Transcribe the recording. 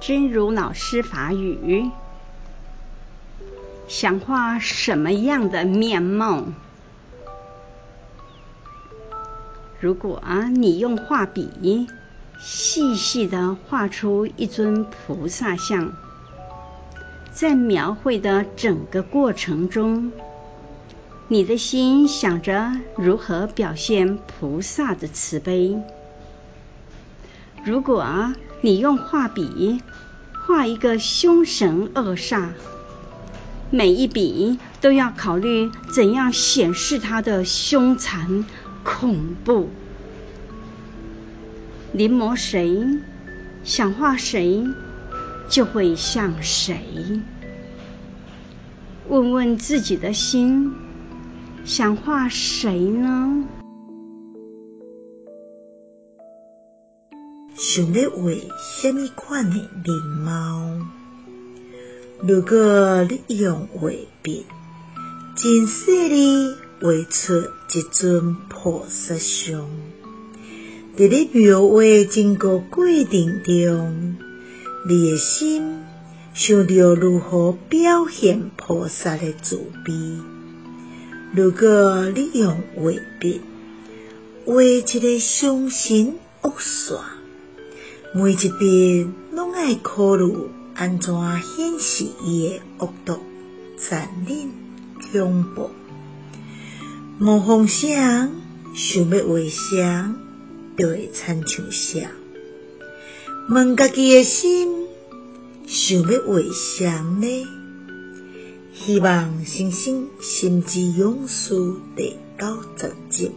真如老師法語，想畫什麼樣的面貌？如果你用畫筆細細的畫出一尊菩薩像，在描繪的整個過程中，你的心想着如何表現菩薩的慈悲。如果你用畫筆，畫一個凶神惡煞，每一筆都要考慮怎樣顯示他的凶殘、恐怖。臨摹誰，想畫誰，就會像誰。問問自己的心，想畫誰呢？想要畫蝦米款的面貌？如果你用畫筆，盡心的畫出一尊菩薩像，在你描繪的整個過程中，你的心想着如何表現菩薩的慈悲。如果你用畫筆，畫一個凶神惡煞。每一筆攏愛考慮安怎顯示伊的惡毒、殘忍、恐怖。臨摹誰，想要畫誰就會親像誰。問家己的心，想要畫誰呢？希望新生心之勇士得到尊敬。